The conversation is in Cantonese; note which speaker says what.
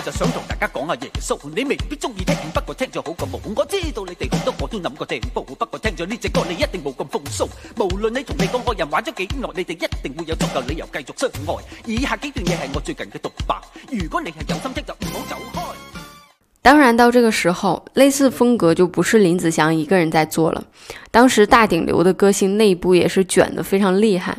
Speaker 1: 我就想同大家講下耶穌，你未必中意聽，不過聽咗好過無。我知道你哋好多我都諗過聽，不過聽咗呢隻歌你一定冇咁風騷。無論你同你個愛人玩咗幾耐，你哋一定會有足夠理由繼續相愛。以下幾段嘢係我最近嘅獨白，如果你係有心聽就唔好走開。
Speaker 2: 當然到呢個時候，類似風格就唔是林子祥一個人在做了。當時大頂流嘅歌星內部也是捲得非常厲害。